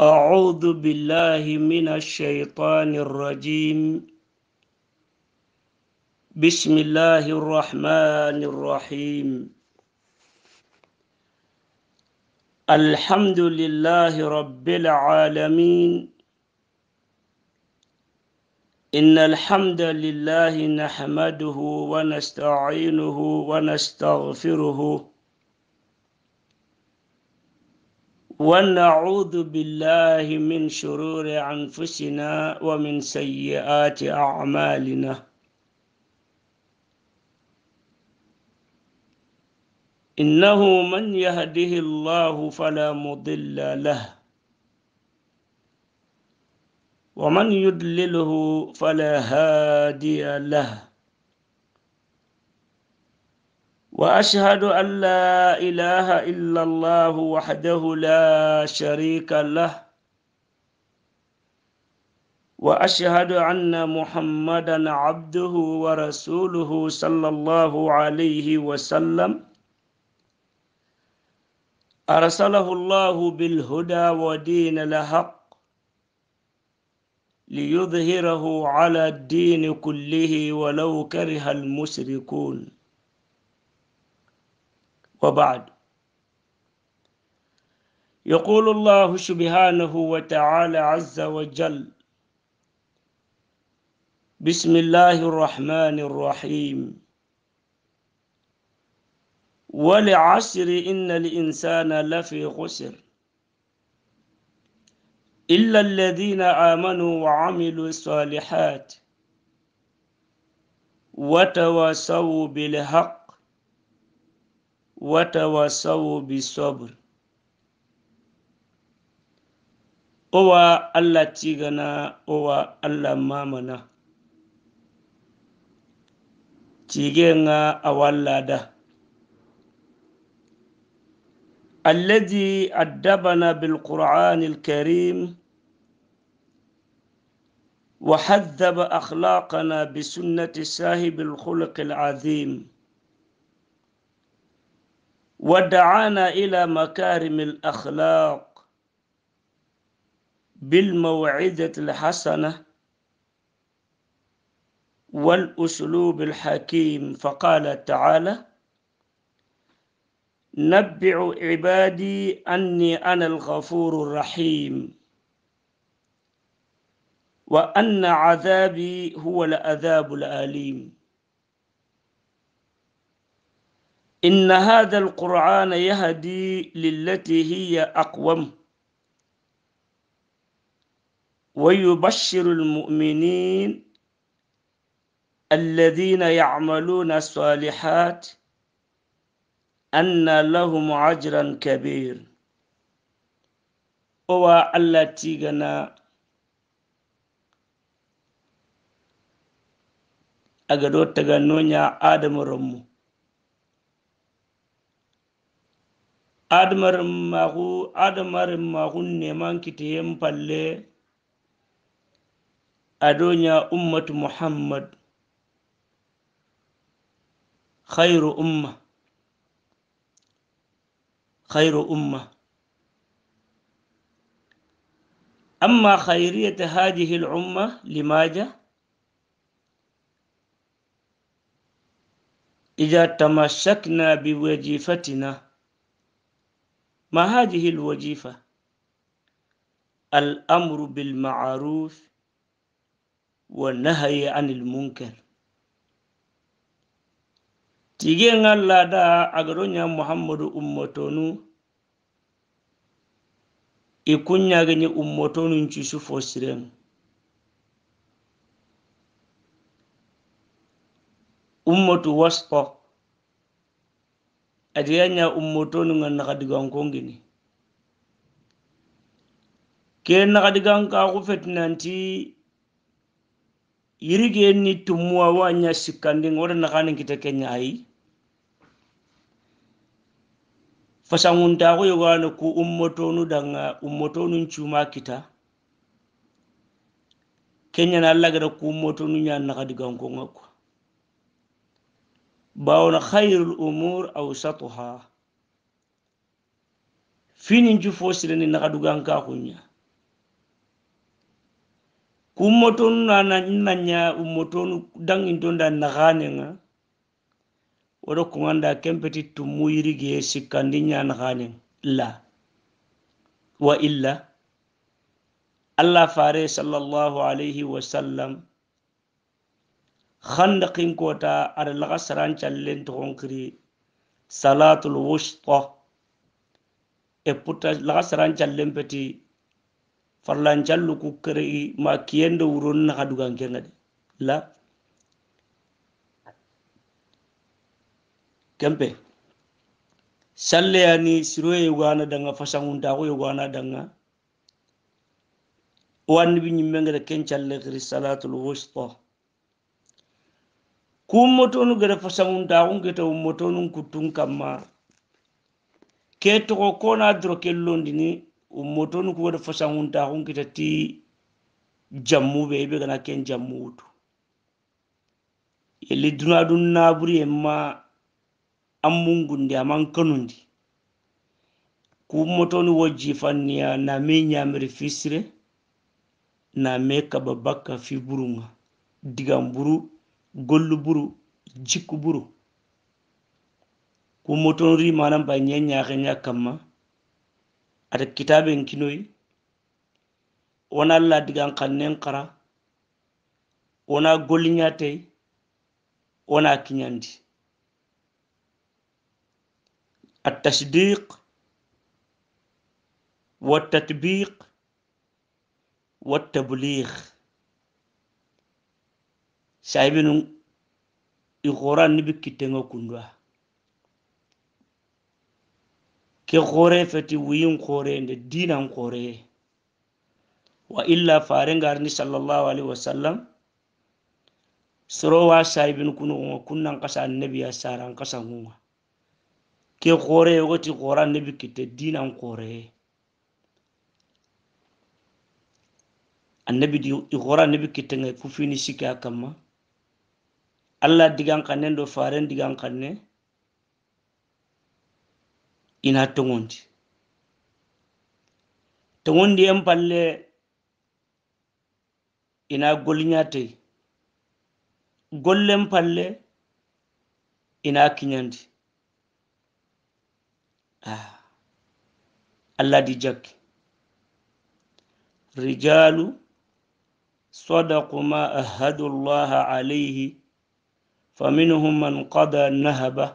أعوذ بالله من الشيطان الرجيم بسم الله الرحمن الرحيم الحمد لله رب العالمين إن الحمد لله نحمده ونستعينه ونستغفره ونعوذ بالله من شرور أنفسنا ومن سيئات أعمالنا إنه من يهده الله فلا مضل له ومن يدلله فلا هادي له واشهد ان لا اله الا الله وحده لا شريك له واشهد ان محمدا عبده ورسوله صلى الله عليه وسلم ارسله الله بالهدى ودين الحق ليظهره على الدين كله ولو كره المشركون وبعد يقول الله سبحانه وتعالى عز وجل بسم الله الرحمن الرحيم ولعسر إن الإنسان لفي خسر إلا الذين آمنوا وعملوا الصالحات وتواصوا بالحق وتواصوا بالصبر owa allah tigana owa allah mamana tigenga awallada الذي أدبنا بالقرآن الكريم وحذب أخلاقنا بسنة صاحب الخلق العظيم ودعانا إلى مكارم الأخلاق بالموعدة الحسنة والأسلوب الحكيم فقال تعالى نبع عبادي أني أنا الغفور الرحيم وأن عذابي هو العذاب الأليم إن هذا القرآن يهدي للتي هي أقوم ويبشر المؤمنين الذين يعملون الصالحات أن لهم أجرا كبير هو التي جنا تجنون يا آدم رمو admarin mahu admarin mahu neman kitayen falle a duniya ummat muhammad khairu umma khairu umma amma khairiyyar ta hajihil umma limaja إذا تمسكنا بوظيفتنا ما هذه الوجيفة الأمر بالمعروف والنهي عن المنكر تيجين الله دا أغرون محمد أمتونو يكون يغني أمتونو نشوف وسرين أمتو وسطه atiyanya ummotonu ngan nakadigankongini ke nakadigankaku fetinanti yirigeni tumuwa nya sikkandin wada nakanin kita kenya ai ayi yoga yogano ku nu danga ummotonun cuma kita kenya na allah gada ku ummotonu nya aku bawon khairul umur awsatuha finin ne na na kadugan ju fosirani naxa duganka xuña kummotonu nanaña ummotonu dangintonda naxanenga woɗo kuganda kempeti tummu yirige sikkandi ña naxanen la wa illa allah fare sallallahu alayhi wasallam khanda khin kota ada laga saran challen to kiri salatul wusta e puta laga saran challen peti farlan challu ku kiri ma kiyende wuron na kadugan kenade la kempe salle yani siro yogana danga fasanguntaku yogana danga wani bi ñimmengede ken calle kiri salatul wusta kun ku ummotonu gede fasamuntaxun gete ummotonun kuttun kamma ke toxo kona doro ke londini ummotonu ku gede fasamuntaxun kita ti jammu be ibe gana ken jammu wutu yelli dunadun naburi en ma an mungundi aman kanundi ku ummotonu wo jifanniya na min ñamiri fisire na me kaba bakka fi burunga digamburu gollu buru jikku buru ku ri manam ba ñeñaaxe ñakkamma ada kitaben kinoyi wona allah digan xannen xara wona golliñatey wona kiñandi التصديق والتطبيق tabligh saibinu ikora nibi kitenga kundwa ke kore feti wiyin kore ne dinan kore wa illa farin garni sallallahu alaihi wasallam sorowa saibinu kunu kuma kunnan kasa annabi ya saran kasa kuma ke kore wati kora annabi kite dinan kore annabi di ikora annabi kite ngai kufini sika kama. allah digan kannen do faren digan kanne ina tongondi tongondi en palle ina golñatey gollen palle ina kiñandi ah. allah di jakki rijalu sadaku ma ahadu llaha alayhi فمنهم من قضى نهبه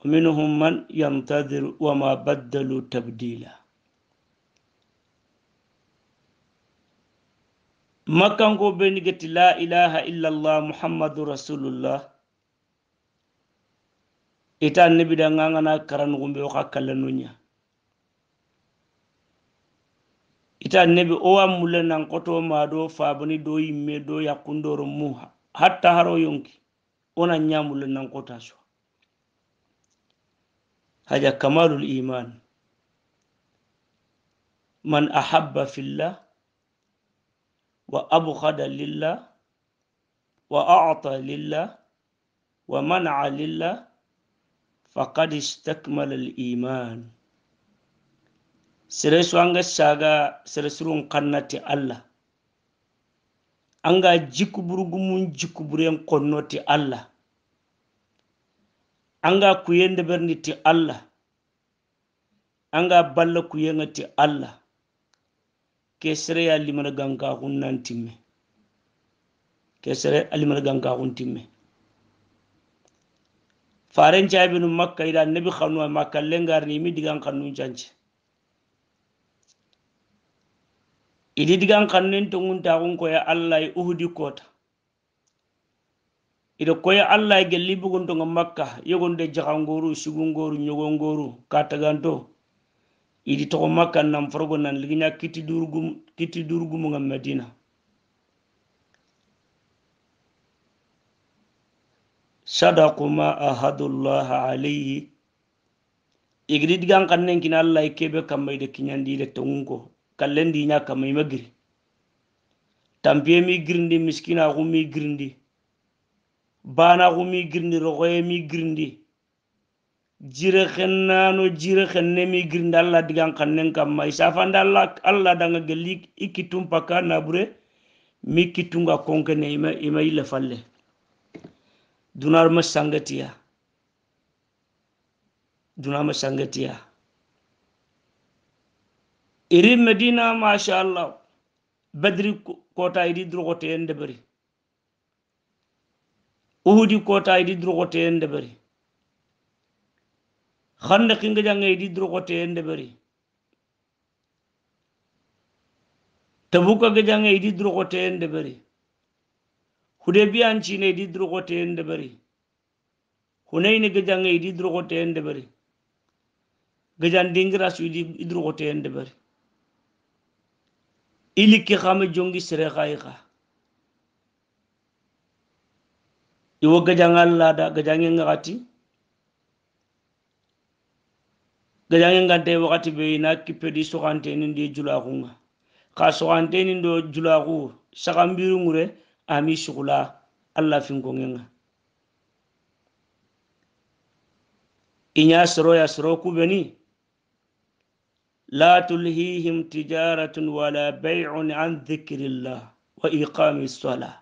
ومنهم من ينتظر وما بدلوا تبديلا مكان كو بنيت لا اله الا الله محمد رسول الله ita annabi da nga karan gumbe o kakkalla nunya ita annabi o wa mulen nan koto ma do fa bani do yimme do yakundoro muha hatta haro yonki onan ñamullo nankota suwa haja kamalul iman man ahabba fillah wa abhada lillah wa a'ta lillah wa mana'a lillah faqad istakmala al iman sere suwanga saga sere surun kannati allah anga jikuburgu mun jikuburen ti allah an anga kuyende berni ti allah an ga balla kuyenga ti allah kesere ya limana ganka hunnan timme kesere alimana ganga hun timme faren jabinu makka ida nabi khanu makka lengar ni mi digan khanu janci ididigan kannin tunguntaxun koye allah i uhudi kota ida koye allah i gelli buguntonga makka yogonde jaxangoru sugungoru ñogongoru kataganto idi toxo makka nan farko nan ligiña kiti durgumunga madina sadaku ma ahadullah alayhi igidi digan kannen kina allah i kebe kamma ida kiñandi ida tongun ko kallendi nya kamai magiri tampiye mi girndi miskina ku mi girndi bana ku mi girndi rogoye mi girndi jire no jire xenne mi girndi allah digan xannen ma isafande allah allah danga gelli i paka na nabure mi kittunga konkene ima yille falle ma sangatiya ma sangatiya iri medina Allah, badri kota idi drogote en bari, uhudi kota idi drogote en debari khande kinga jange idi drogote en debari tabuka ga jange idi drogote en debari hudebiya an cine idi drogote en bari, hunayne ga jange idi drogote en bari, gajan dingira su idi drogote en bari. Ili ki xama jongi sere xaixa iwo gajangal da gajange ngati gajange ngante wakati be ina kipe di soxante ni ndi julaxu nga xa soxante ni ndo julaxu saxambiru ngure ami sugula alla ko nga inya soro ya soro beni لا تلهيهم تجارة ولا بيع عن ذكر الله وإقام الصلاة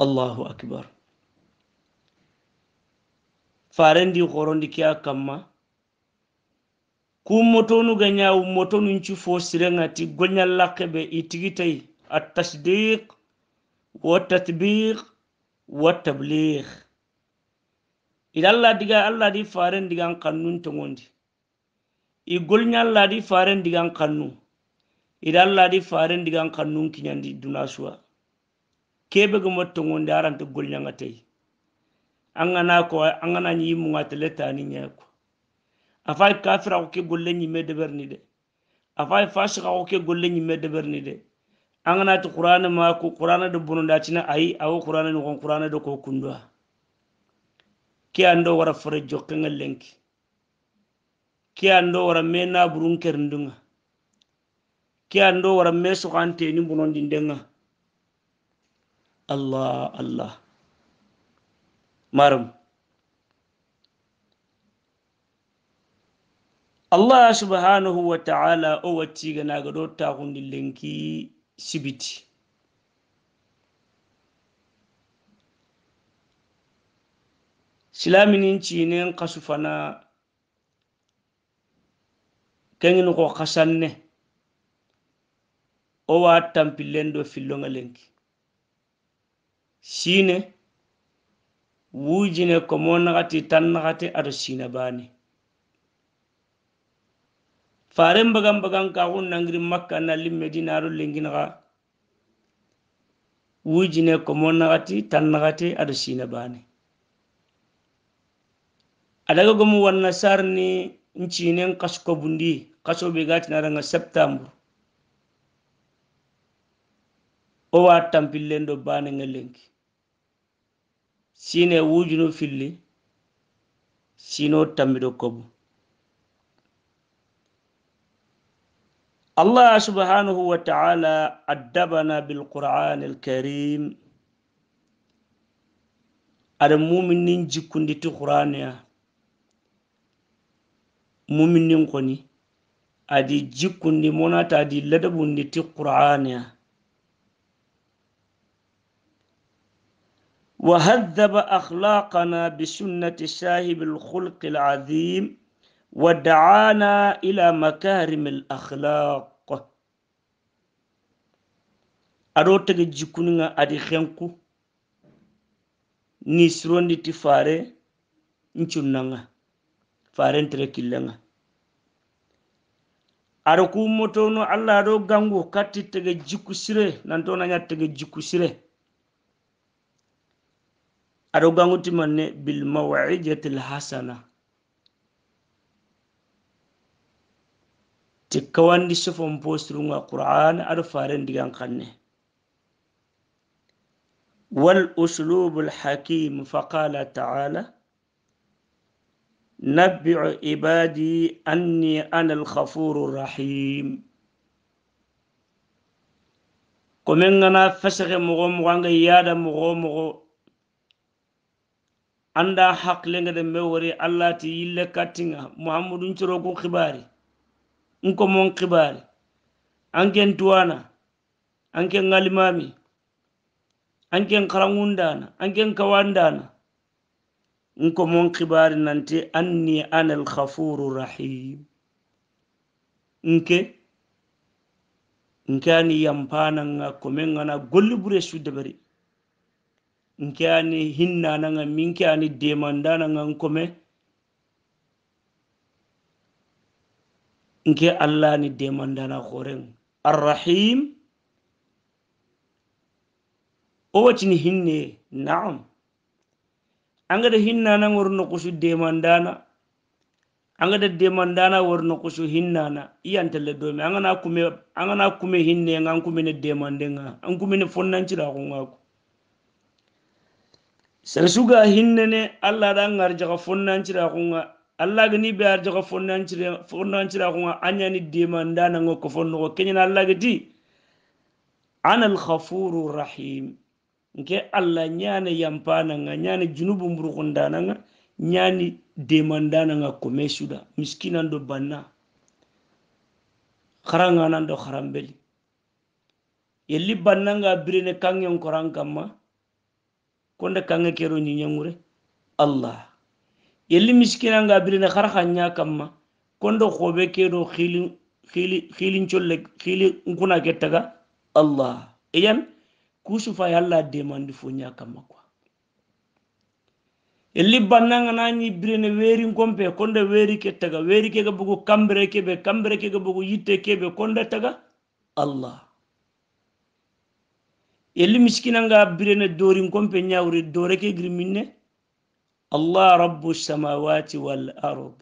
الله أكبر farendi horondi kiya kamma kummotonu ga ñawu motonunci fo sirengati goñal lakkebe i tigitay attasdiq wa tatbiq wa tabligh ida allah diga allah di faren digan kannun tongondi i golnya allah di faren digan kannu ida allah di faren digan kannun kinyandi dunasuwa kebe ga motto ngonde aranta golnya ngatai angana ko angana nyi mu ngatele tani nyako afai kafira ko ke golle deber ni de afai fasika ko ke golle deber ni de angana to qur'ana ma ko qur'ana do bununda tina ayi awo qur'ana no qur'ana do ko kundwa ke ando wara fara jokkenga lenki ke ando wara me na naburun kerndunga ke ando wara me sokanteni bunondindenga allah allah maram allah subhanahu wa ta'ala o wattiganaga ɗo tagundi lenki sibiti silaminin cinen kasu fana kengin ko ne o wa tampilen do fillonga lenki sine wujine komo nagati tan nagati aɗo sina bane faren bagan bagan kaxun nangiri makka nali medinaro lenginaxa wujine komo nagati tan nagati aɗo sina bane adaga gomu wanna sarni ncinen kasko bundi kaso be gatinaranga septembre o wa tampillen ɗo banega lenki sine wujuno filli sino tambiɗo kobo allah subhanahu wa taala addabana bilquran alkarim aɗa mumin nin jikkunditi muminin koni adi jikkundi monata adi ladabundi ti qur'aniya وهذب أخلاقنا بسنة صاحب الخلق العظيم ودعانا إلى مكارم الأخلاق أروتك جكونا أدي خنكو نسرون تفاري نشننا farentere killenga aɗa kummotono allah aɗo gangu katti tege jikku sire nantoon añat tege jikku sire aɗo gangu timanne bil mawijatil hasana ti kawandi sofon postrunga qur'an aɗo farendigan kanne wal uslubu lhakim faqala taala نبع عبادي أني أنا الغفور الرحيم komin gana fasake mogo mogo anga yada mogo mogo anda haklenga de mewori allah ti yille kattinga muhammadu ncoro ku kibari nko mon kibari anken tuwana anken ngalimami anken karangundana anken kawandana nko mon kibari an anni ana alghafuru rahim nke nke ani yampananga komengana golli bure suddabari nke ani hinnananga minke ani nga nkome nke allah ni demandana horen arrahim o watini hinne naam angada hinnana worno kusu demandana angada demandana worno kusu talle iyantelle domi angana kume angana kume hinne nga ankumene demande nga ankumene fonnancira ko ngako sere suga ne allah da ngarjaga fonnancira ko nga allah ni gani be jira fonnancira fonnancira ko nga anyani demandana ngo ko fonno ko kenyana allah ga ana anal ghafurur rahim nke alla yampa nanga ñaane junubu mburukundananga demanda nanga kome suda miskinan do banna haranganan do harambeli yelli bannanga birene kange koran kamma konde kange kero ñiñangure allah yelli miskinanga birene hara hanña kamma konde kero xili-xili-xili hilincolle hili nkuna ke taga allah eyan kusu fa yalla demandi fo ña kamma quoi e libbannanga nañi brene weri ngombe konde weri ke taga weri weeri kega bogo kambere keɓe kambere kega bogo yitte be konde taga allah elli miskina nga brene dori ngombe ñawre dore ke griminne allah rabbu samawati wal arod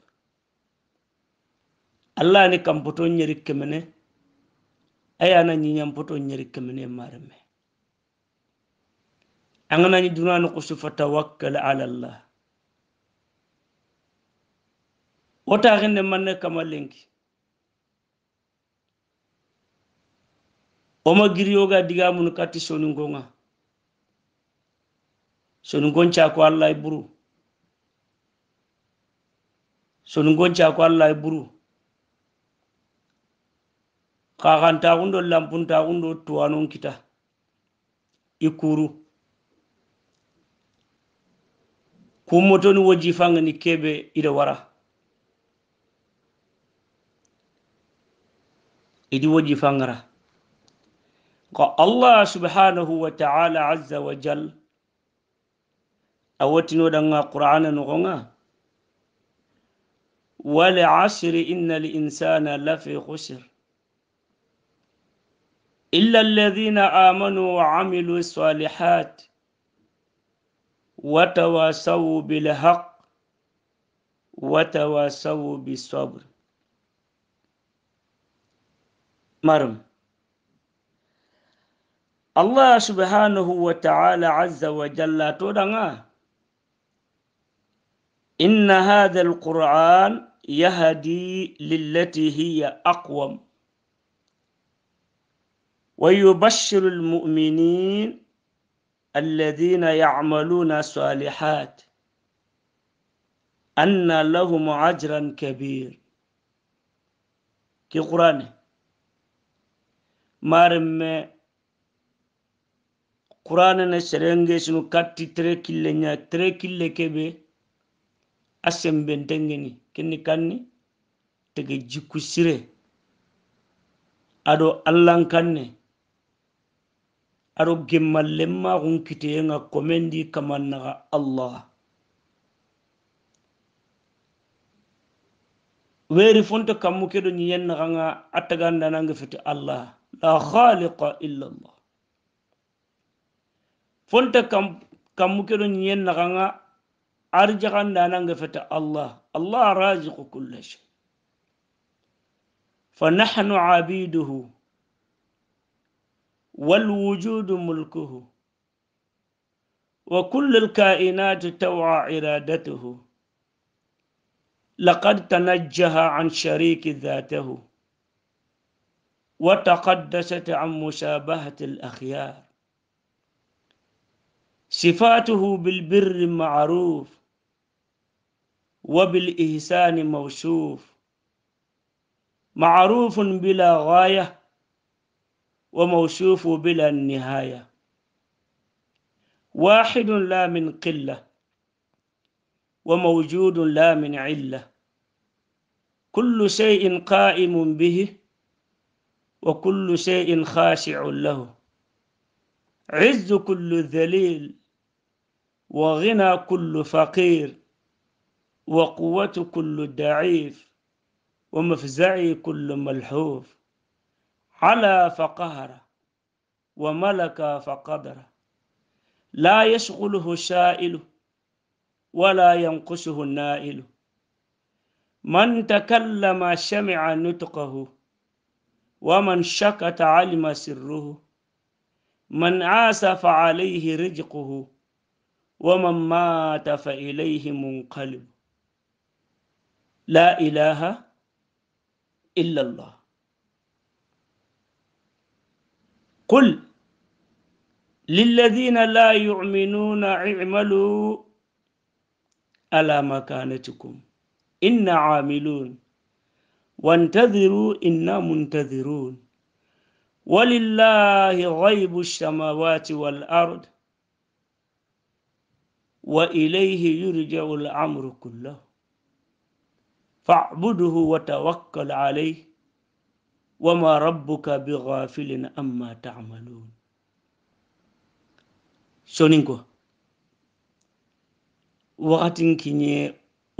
allah ne kamboto ñeri kemene ayana ñiñampoto ñeri kemene mareme an gana ni duna na kusu fata wakkal alallah wata harin da manne kamar linki oma giriyoga diga mun kati soningonga soningon ko allah e buru soningon ko allah e buru kakanta kakantaxundo lampuntaxundo tuwanon kita i kuru kummotoni wo jifanga ni keɓe ida wara idi wo jifangara ko allah subhanahu wa taala azza wa jal a wattinoɗanga qur'ana nogonga والعشر إن الإنسان لفي خسر إلا الذين آمنوا وعملوا الصالحات وتواصوا بالحق وتواصوا بالصبر مرم الله سبحانه وتعالى عز وجل تدعى إن هذا القرآن يهدي للتي هي أقوم ويبشر المؤمنين الذين يعملون الصالحات أن لهم أجرا كبير كي قرآن مارم قرآن نسرنجي سنو كاتي تركيل نيا تركيل كبه أسم بنتنجني كني كاني تجي جكسيره أدو ألان كاني aro gemmallenmaxun kiteyenga comendi kamannaxa allah weeri fonto kammu keɗo ñiyennaxanga a tagandanange feti allah la khaliqa illa allah fonta kam kammu keɗo ñiyennaxanga arjaxandanange fete allah allah raziqu culla fa nahnu abiduhu والوجود ملكه وكل الكائنات توعى إرادته لقد تنجه عن شريك ذاته وتقدست عن مشابهة الأخيار صفاته بالبر معروف وبالإحسان موصوف معروف بلا غاية وموصوف بلا نهاية واحد لا من قلة وموجود لا من علة كل شيء قائم به وكل شيء خاشع له عز كل ذليل وغنى كل فقير وقوة كل ضعيف ومفزعي كل ملحوف على فقهر وملك فقدر لا يشغله السائل ولا ينقصه النائل من تكلم سمع نطقه ومن شكت علم سره من عاس فعليه رزقه ومن مات فإليه منقلب لا إله إلا الله قل للذين لا يؤمنون اعملوا على مكانتكم إنا عاملون وانتظروا إنا منتظرون ولله غيب السماوات والأرض وإليه يرجع الأمر كله فاعبده وتوكل عليه wama rabbuka bigafilin amma tamalun soninko wakatinkiñe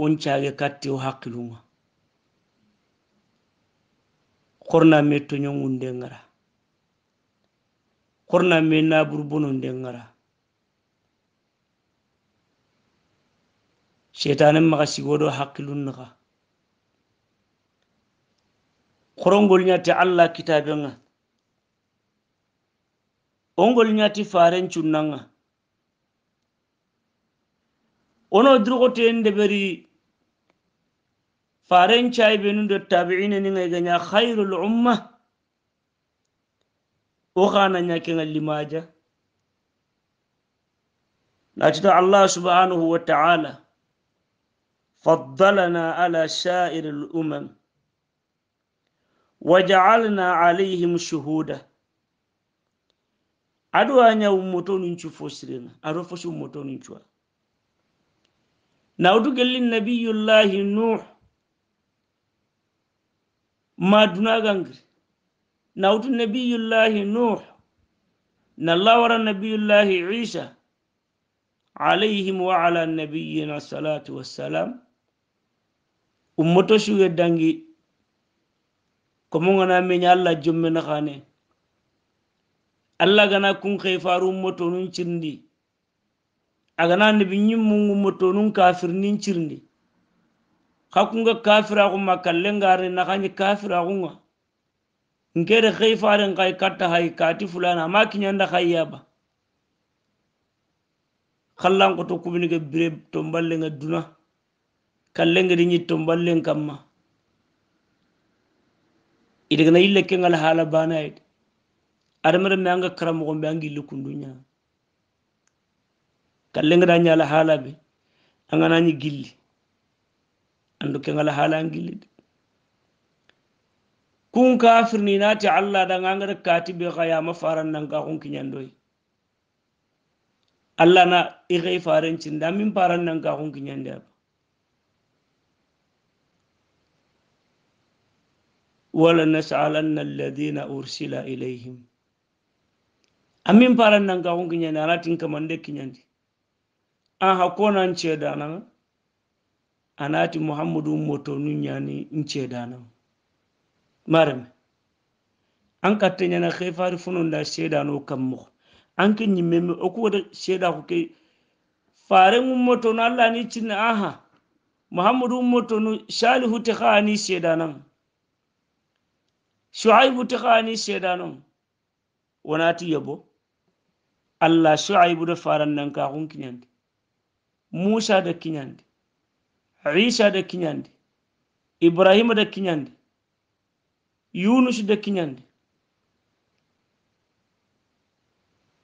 on cage katte o hakkilunga korna me toñongu nden gara korna me naburbono nden gara cheytanen maxa sigoɗo hakkilunnaka korongol ñati allah kitabe ga ongol ñati faren cunnaga ono durgoten deɓeri faren cayɓe nu do tabiina ni gay gaña umma o xana ñakega limaja natito allah subhanahu wa taala faddalana ala sa'iri waja'alna alaihim shuhuda adu anya umoto ninchu fosirena arofoshi umoto ninchwa na udugelli nabiyullahi nuh maduna gangri na utu nabiyullahi nuh na lawara nabiyullahi isa alaihim wa ala nabiyina salatu wassalam ummoto shuge dangi komo gana menya allah na khane allah gana kun kay faru motonun cirndi agana nebi ñimmungu kafira kafirnin cirndi hakunga kafiraxuma kallengare naxañi kafiraxunga nkede xey faren kai katta xay kati fulana ama kiñanda xay to kubin ga bire tomballenga duna kallengedi ñi tomballen kamma idagana ille kengal haala baanayde adamada me anga karamogon ɓe anga ille kunduña kallengaɗa hala haala anga anganañi gilli andu kengal haala an gillide kun kafir ni ti allah da ngangar katibe kaya faran nan ka kun kinyandoi allah na igai faran cin da min ka kun wala walanas'alanna alladhina ursila ilayhim amin paran nan ga hun kinyani alatin kamande kinyandi an hakona nce dana anati muhammadu moto nunyani nce dana marame an katte nyana khefari funun da shedano kammo an kin o ko da sheda ku ke fare mun moto na Allah ni cin aha muhammadu moto nu salihu ta shalihu tikhani shedanan shu'aibu ta kani wani ati yabo allah shu'aibu da faran nan kahun kinyandi musa da kinyandi isa da kinyandi ibrahima da kinyandi yunus da kinyandi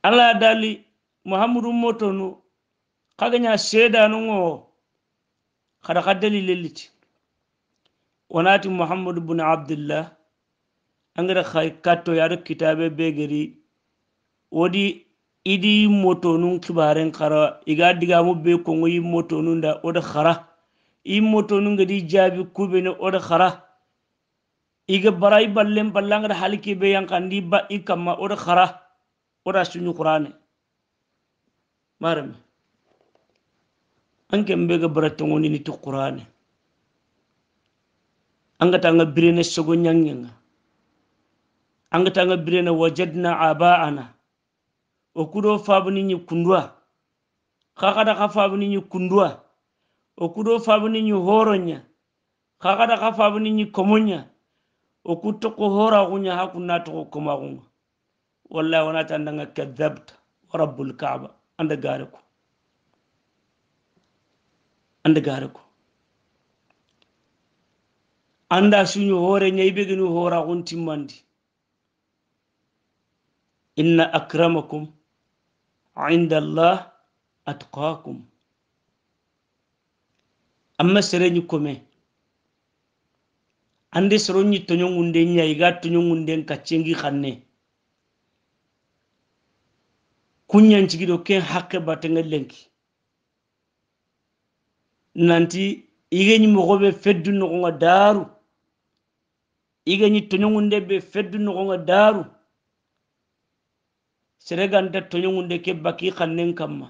allah dali muhammadu motonu kaganya shedanun o kada ka dalilin wani ati muhammadu bin abdullah angara hay katto yaɗo kitabe be geri idi motonun kibaren kara iga mu be ko ngi motonun da oda khara i motonun nun gadi jaabi kubene oda khara iga bara i ballang da angara halike be kandi ba i oda khara oda sunu qurane marami an ken be ga bara tongonini ti qurane an gata anga birene sogo ñangenga an ga tanga birena wajadna aba'ana o kudo fabuni ni kundwa kakada ka fabuni ni kundwa o kudo fabuni ni horonya kakada ka fabuni ni komonya o kutto ko hora kunya hakunna to koma kunga wallahi wana tanda nga kadhabta wa rabbul ka'ba anda gare ko anda gare ko anda sunyo hore nyaibe ginu hora kun inna akramakum inda allah atqakum amma sereñi kome ande seroñi toñongunde ñayiga toñongunden kaccengi xanne kunñancigiɗo ken hakke batenge lenki nanti igeñi mogoɓe feddu nogonga daaru igeñi toñongunde ɓe feddu nogonga daaru sereganta toñogunde ke baki xannen kama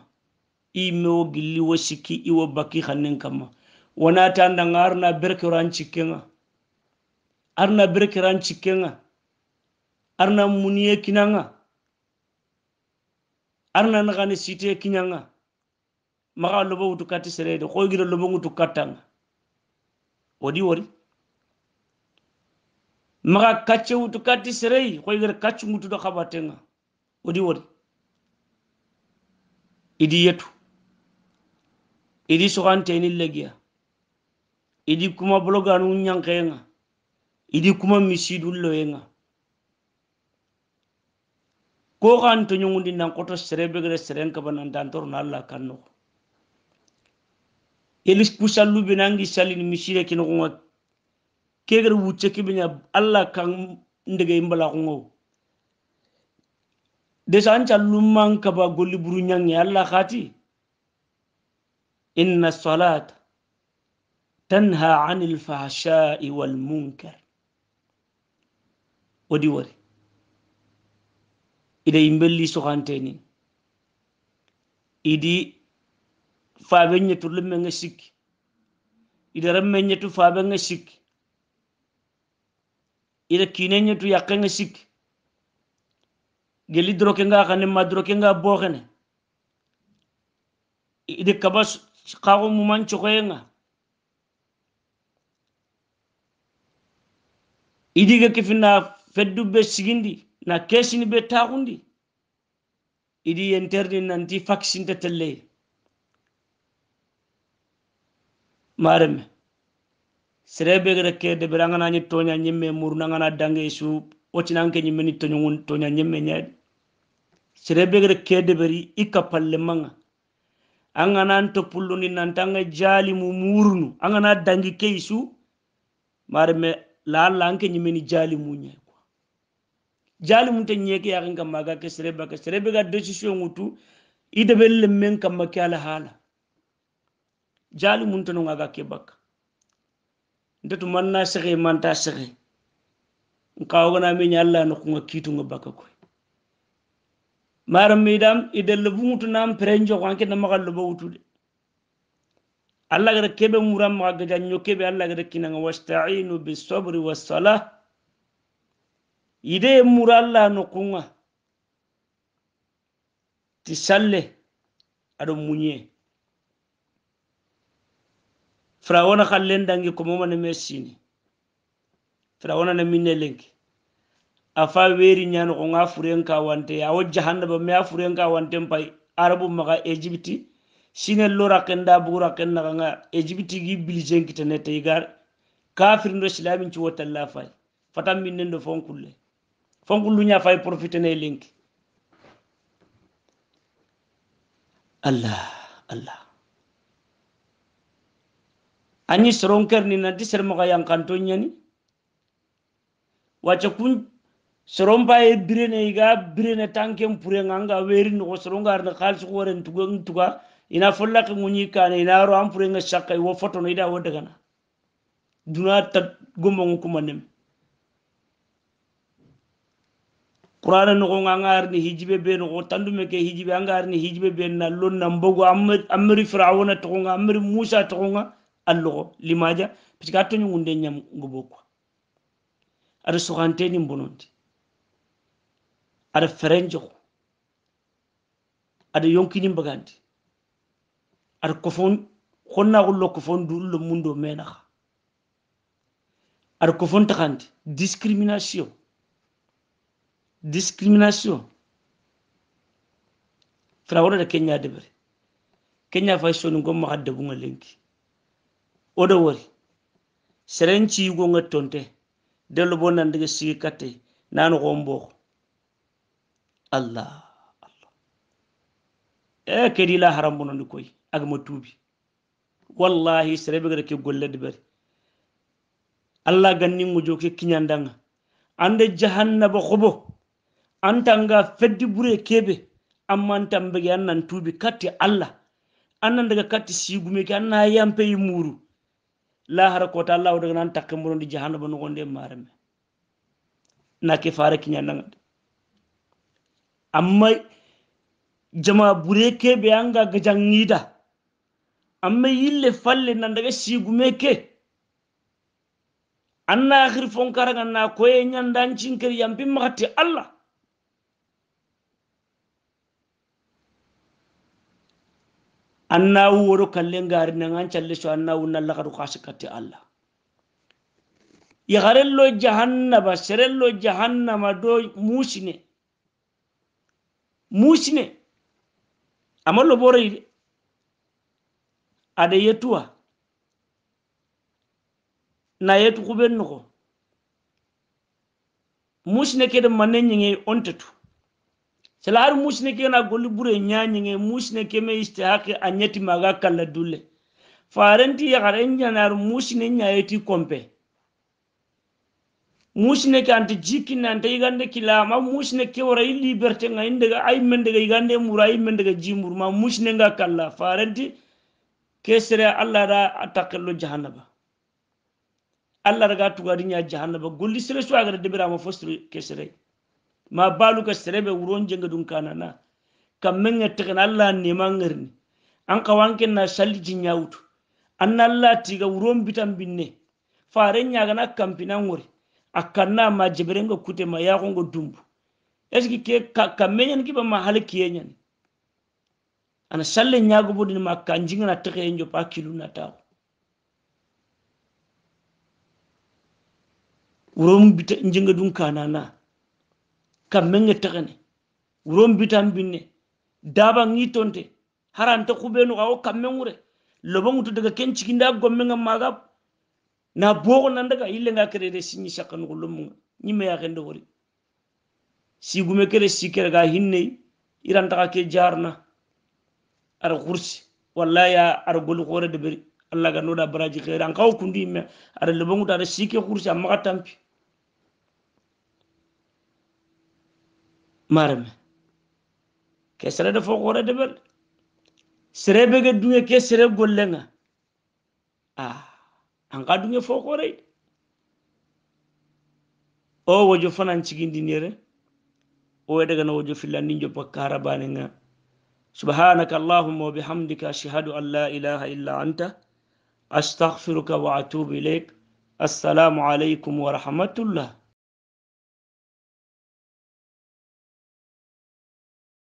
i mewo gilli wo sikki iwo baki kama kamma wonata ndanga arna berkero an cikkenga arna berkero an cikkenga arna muniye kinanga arna naxane site e kiñanga maka lobo wutu kati serede xoygira lobo ngutu kattanga wodi wori maxa kacce wutu kati serei xoygira kaccu da do xabatenga Odi wodi idi yetu idi soganteni legia idi kuma nu nyankenga idi kuma loenga ko xanto ñongundi nan koto serebegere seren kaba dantor na alla kan noxo eli kusallube nangi salini misire kongot. kegere wucce kibinya alla kan ndege i desa an callumman kaba golli buru ya allah khati inna salat tanha ani lfahshai walmunkar odi wori ida yimbelli sohantenin idi faaɓe ñetu lummenge sikki ida remme ñetu faaɓenge sikki ida kine ñetu yakkenge sikki geli droke nga xane ma droke nga bo xene ide kabas mu man ci ga feddu be sigindi na kesini be taxundi idi yenterni nanti faksinte telle mareme serebe ga ke de beranga na ni tonya nyemme nga na dange su ni tonya sirebegere kedeberi ika palle manga anga nan to pulluni nantanga jali mu murunu anga na dangi keisu mare me la la anke nyimeni jali mu nye kwa jali mu te nyeke ya kanga maga ke sirebe ke sirebe ga decision utu idebelle men kama kyala hala jali mu to nga ga ke bak ndetu manna sege manta sege nkawo na me nyalla no kunga kitu nga baka koy maram midam ida lubu mutu nam perenjo kwanke na magal lubu utude Allah gara kebe muram ma gaja nyo kebe Allah gara kinanga wasta'inu bis sabri was salah ide mura Allah no kunga ti salle ado munye firawona kallen dangi ko momane mesini firawona na minne lenki afa weri ñani ko nga furen ka wante jahanna ba me a furen ka wante pay arabu maga egypti shine lora kenda bura kenna nga egypti gi bilgen kitene te gar kafir ndo islamin ci la fay fatam min nen fonkulle fonkulu nya fay ne link allah allah anyi soronker ni nanti sermaga kantonya ni wacca kun soronpa ye birene iga birene tanken an anga weri nogo soronga arna khalsi koren tugen tuga ina follaki ŋuñi kane ina ro an purenga sakka iwo fotono ida wo dagana duna ta gomboŋo kumanem qur'ana nogo nga anga arni hijibe be nogo tandume ke hijibe anga arni hijibe be na lon na mbogo amri firawna togonga amri musa togonga allogo limaja parce que a toñugunde ñam ngo bokko aɗa ni mbononti aɗa feren jogo aɗa yonkinin bagandi aɗa kofon honnaxullo kofon dullo mundo menaxa aɗa kofon taxandi discrimination discrimination firawona da kenya deɓere kenya fay soni gommaxa debunga lenki oɗo wori seren ciyigonga tonte dello bo nandiga sigi katte nanoxon boxo allah allah eh, e kadi la haram bononde koye agama tuubi wallahi sere ɓe gada ke gollede bari allah ganningo jo ke kiñandanga ande jahannaba hobo antanga feddi ɓure keɓe amma antan bege annan tuubi katti allah annan daga katti sigumeke anna yampe e muru lahara kota allah o daga nan takke mbonondi jahannaba nogonde Na ke fara kiñandanga de amma jama bure ke bayanga ga jangida amma yille falle nan daga sigume ke anna fon karanga na koye ñandancinkeri yampin makati allah anna woro kalle ngari nan an challe so annawu la kasi katti allah garello jahannaba serello jahannama do musine mucine amma loboreyde ada yettuwa na yetu kuɓen noko mucine kede manne ñinge on tetu sala har mucine ke na golli ɓure ñañinge mucine keme istihaqe a ñettimaga kalla dulle farenti yakar en ñanar mucine ñayeti compe musine ke anti jikin anta igande kila ma musine ke wara i liberté nga ga ay mendega igande mura ay mendega jimur ma musine nga kalla farenti kesere allah da atakello jahannaba allah raga tugadi ña jahannaba gulli sere so agada debirama fostre kesere ma balu ka be wuron jenga dun kanana kammen nga tegen allah nema ngerni an kawanken na salli jinyawutu an allah tiga wuron bitan binne ga na kampinan wuri akanna ma jeberenga kute ma ya kongo dumbu eski ke kamenyan kiba ma hal kiyenyan ana salle nyago bodin ma kanjinga na tege enjo pa kilu na taw wurom bita njinga dun kanana tege ne wurom bita mbinne daba ngitonte haranta kubenu awo kamengure lobongutu daga ken cikinda gomenga magab na bogo nan daga ille nga kere de sinni shakkan gulum ni me yaken do wori si gume kere si kere ga hinne iran ta ke jarna ar kursi wallahi ar gol gore de beri allah ga noda baraji khere an kaw kundi me ar lebongu ta si ke kursi a ka tampi marme ke sere de fo gore de beri sere be ga dunya ke sere gollenga ah an ka dunge fo korey o wojo fanan cigindinire o weɗagana wojo fillannin joppa karabanega subhanaka allahuma wa bihamdika ashhadu an la ilaha illa anta astahfiruka wa atubu ileyk assalamu aleykum wa rahmatullah